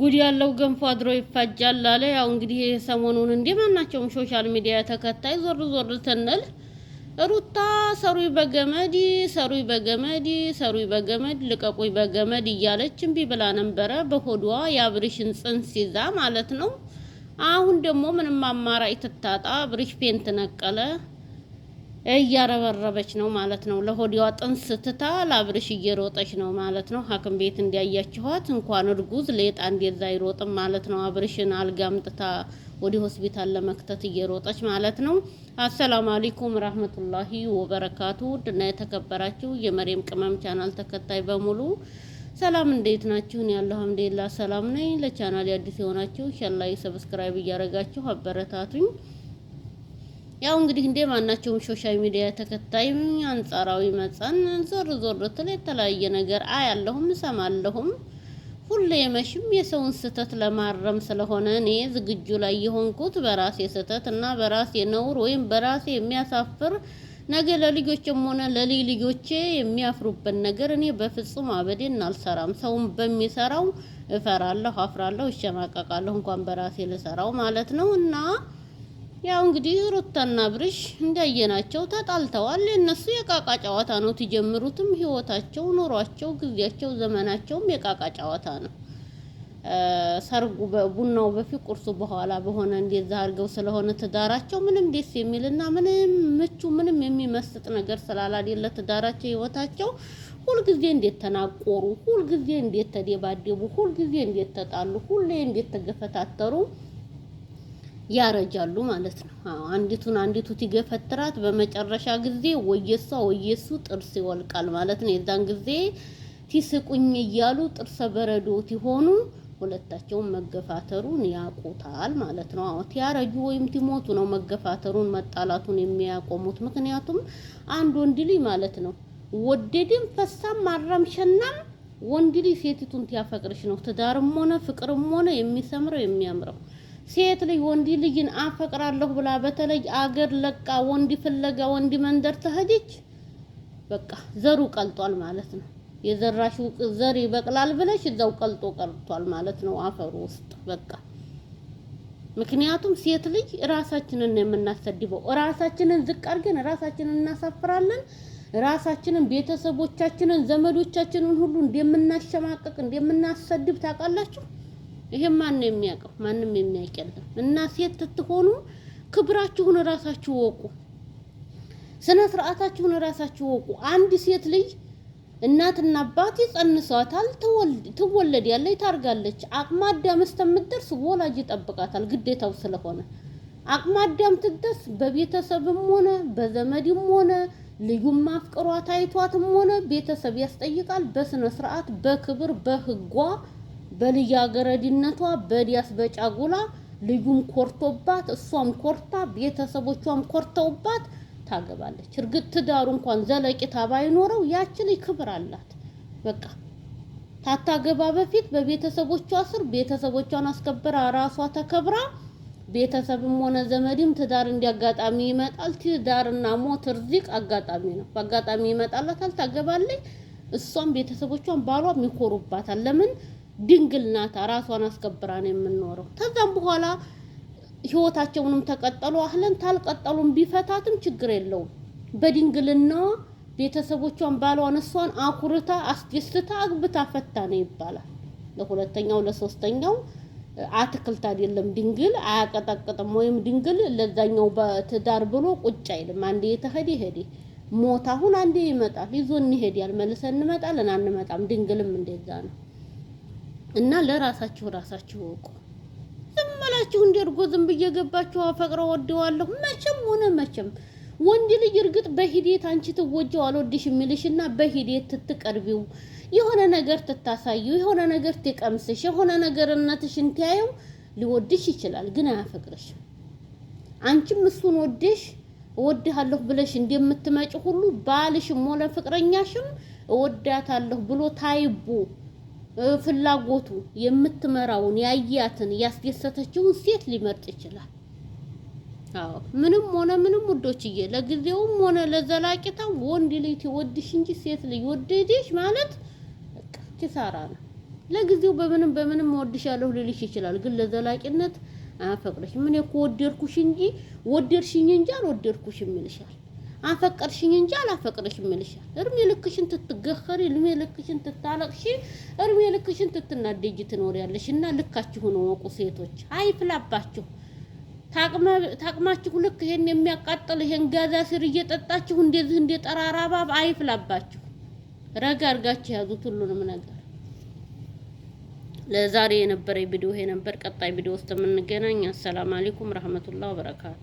ጉድ ያለው ገንፎ አድሮ ይፋጃል አለ። ያው እንግዲህ ሰሞኑን እንደ ማናቸውም ሶሻል ሚዲያ ተከታይ ዞር ዞር ስንል ሩታ ሰሩይ በገመድ ሰሩይ በገመድ ሰሩይ በገመድ ልቀቁኝ በገመድ እያለች እምቢ ብላ ነበረ፣ በሆዷ የአብርሽን ጽንስ ይዛ ማለት ነው። አሁን ደግሞ ምንም አማራጭ ትታጣ አብርሽ ፔንት ነቀለ። እያረበረበች ነው ማለት ነው። ለሆዲዋ ጥንስ ትታ ላብርሽ እየሮጠች ነው ማለት ነው። ሐኪም ቤት እንዲያያችኋት እንኳን እርጉዝ ሌጣ እንደዛ አይሮጥም ማለት ነው። አብርሽን አልጋምጥታ ወደ ሆስፒታል ለመክተት እየሮጠች ማለት ነው። አሰላሙ አለይኩም ረህመቱላሂ ወበረካቱ። ውድና የተከበራችሁ የመሬም ቅመም ቻናል ተከታይ በሙሉ ሰላም እንዴት ናችሁን? ያለው አልሐምዱሊላህ ሰላም ነኝ። ለቻናል አዲስ የሆናችሁ ሸላይ ሰብስክራይብ እያረጋችሁ አበረታቱኝ። ያው እንግዲህ እንደ ማናቸውም ሶሻል ሚዲያ ተከታይም አንጻራዊ መጻን ዞር ዞር ትል የተለያየ ነገር አያለሁም እሰማለሁም። ሁሌ መሽም የሰውን ስህተት ለማረም ስለሆነ እኔ ዝግጁ ላይ የሆንኩት በራሴ ስህተት እና በራሴ ነውር ወይም በራሴ የሚያሳፍር ነገ ለልጆችም ሆነ ለልጅ ልጆቼ የሚያፍሩበት ነገር እኔ በፍጹም አበዴን አልሰራም። ሰውን በሚሰራው እፈራለሁ፣ አፍራለሁ፣ እሸማቀቃለሁ እንኳን በራሴ ልሰራው ማለት ነው እና ያው እንግዲህ ሩታና ብርሽ እንዳየናቸው ተጣልተዋል። እነሱ የቃቃ ጨዋታ ነው። ትጀምሩትም ህይወታቸው፣ ኑሯቸው፣ ጊዜያቸው፣ ዘመናቸውም የቃቃ ጨዋታ ነው። ሰርጉ ቡናው በፊት ቁርሱ በኋላ በሆነ እንደዛ አድርገው ስለሆነ ትዳራቸው ምንም ደስ የሚልና ምንም ምቹ ምንም የሚመስጥ ነገር ስላላደለ ትዳራቸው ህይወታቸው ሁልጊዜ እንዴት ተናቆሩ፣ ሁልጊዜ እንዴት ተደባደቡ፣ ሁልጊዜ እንዴት ተጣሉ፣ ሁሌ እንዴት ተገፈታተሩ ያረጃሉ ማለት ነው። አንዲቱን አንዲቱ ትገፈትራት፣ በመጨረሻ ጊዜ ወየሷ ወየሱ ጥርስ ይወልቃል ማለት ነው። የዛን ጊዜ ቲስቁኝ እያሉ ጥርሰ በረዶ ሲሆኑ ሁለታቸውን መገፋተሩን ያውቁታል ማለት ነው። አዎ ቲያረጁ ወይም ቲሞቱ ነው መገፋተሩን መጣላቱን የሚያቆሙት። ምክንያቱም አንድ ወንድ ልጅ ማለት ነው ወደድም ፈሳም ማራም ሸናም ወንድ ልጅ ሴቲቱን ቲያፈቅርሽ ነው። ትዳርም ሆነ ፍቅርም ሆነ የሚሰምረው የሚያምረው ሴት ልጅ ወንድ ልጅን አፈቅራለሁ ብላ በተለይ አገር ለቃ ወንድ ፍለጋ ወንድ መንደር ተሄደች፣ በቃ ዘሩ ቀልጧል ማለት ነው። የዘራሽው ዘር ይበቅላል ብለሽ እዛው ቀልጦ ቀልጧል ማለት ነው አፈሩ ውስጥ በቃ። ምክንያቱም ሴት ልጅ ራሳችንን ነው የምናሰድበው። ራሳችንን ዝቅ አድርገን ራሳችንን እናሳፍራለን። ራሳችንን፣ ቤተሰቦቻችንን፣ ዘመዶቻችንን ሁሉ እንደምናሸማቀቅ እንደምናሰድብ ታውቃላችሁ። ይሄ ማን ነው የሚያውቀው? ማንም የሚያውቅ የለም። እና ሴት ትትሆኑ ክብራችሁን ራሳችሁ ወቁ፣ ስነ ስርዓታችሁን ራሳችሁ ወቁ። አንድ ሴት ልጅ እናትና አባት ይጸንሷታል፣ ትወለድ ያለ ታርጋለች። አቅመ አዳም እስከምትደርስ ወላጅ ይጠብቃታል፣ ግዴታው ስለሆነ አቅመ አዳም ትደርስ በቤተሰብም ሆነ በዘመድም ሆነ ልዩም ማፍቀሯ ታይቷትም ሆነ ቤተሰብ ያስጠይቃል። በስነ ስርዓት በክብር በህጓ በልጃገረድነቷ በዲያስ በጫጉላ ልጁም ኮርቶባት እሷም ኮርታ ቤተሰቦቿም ኮርተውባት ታገባለች። እርግጥ ትዳሩ እንኳን ዘለቂታ ባይኖረው ያቺ ልጅ ክብር አላት። በቃ ታታገባ በፊት በቤተሰቦቿ ስር ቤተሰቦቿን አስከብራ ራሷ ተከብራ ቤተሰብም ሆነ ዘመድም ትዳር እንዲያጋጣሚ ይመጣል። ትዳርና ሞት እርዚቅ አጋጣሚ ነው። በአጋጣሚ ይመጣላታል፣ ታገባለች። እሷም ቤተሰቦቿን ባሏም ይኮሩባታል። ለምን ድንግል ናት፣ ራሷን አስከብራ ነው የምንኖረው። ከዛም በኋላ ህይወታቸውንም ተቀጠሉ አህለን ታልቀጠሉም ቢፈታትም ችግር የለውም። በድንግልና ቤተሰቦቿን ባሏን እሷን አኩርታ አስደስታ አግብታ ፈታ ነው ይባላል። ለሁለተኛው ለሶስተኛው አትክልት አይደለም ድንግል አያቀጠቅጥም። ወይም ድንግል ለዛኛው በትዳር ብሎ ቁጭ አይልም። አንዴ የተሄደ ሄደ ሞት አሁን አንዴ ይመጣል ይዞን ይሄዳል፣ መልሰን እንመጣለን አንመጣም። ድንግልም እንደዛ ነው። እና ለራሳችሁ ራሳችሁ እወቁ። ዝም ብላችሁ እንደ ዝም ብዬ ገባችሁ አፈቅረው ወደዋለሁ መቼም ሆነ መቼም ወንድ ልጅ እርግጥ በሂደት አንቺ ትወጀው አልወድሽ የሚልሽና በሂደት ትትቀርቢው የሆነ ነገር ትታሳዩ የሆነ ነገር ትቀምስሽ የሆነ ነገር ነገርነትሽ እንትያየው ሊወድሽ ይችላል፣ ግን አያፈቅርሽም። አንቺም እሱን ወደሽ እወድሃለሁ ብለሽ እንደምትመጪ ሁሉ ባልሽም ሆነ ፍቅረኛሽም እወዳታለሁ ብሎ ታይቦ ፍላጎቱ የምትመራውን ያያትን ያስደሰተችውን ሴት ሊመርጥ ይችላል። አዎ ምንም ሆነ ምንም ውዶችዬ፣ ለጊዜውም ሆነ ለዘላቂታም ወንድ ልጅ ትወድሽ እንጂ ሴት ልጅ ወደደሽ ማለት በቃ ኪሳራ ነው። ለጊዜው በምንም በምንም እወድሻለሁ ልልሽ ይችላል፣ ግን ለዘላቂነት አያፈቅድሽም። እኔ እኮ ወደድኩሽ እንጂ ወደድሽኝ እንጂ አልወደድኩሽም ይልሻል። አፈቀርሽኝ እንጂ አላፈቅርሽም እልሻለሁ። እርሜ ልክሽን ትትገኸሪ፣ እድሜ ልክሽን ትታለቅሺ፣ እርሜ ልክሽን ትትናደጂ ትኖሪያለሽ። እና ነው ወቁ ሴቶች፣ አይፍላባችሁ። ታቅማችሁ ልክ ይሄን የሚያቃጥል ይሄን ጋዛ ስር እየጠጣችሁ እንደዚህ እንደ ጠራራ እባብ አይፍላባችሁ። ረጋ አድርጋችሁ ያዙት ሁሉንም ነገር። ለዛሬ የነበረ ቪዲዮ ይሄ ነበር። ቀጣይ ቪዲዮ ውስጥ የምንገናኝ። አሰላም አለይኩም ረህመቱላህ በረካቱ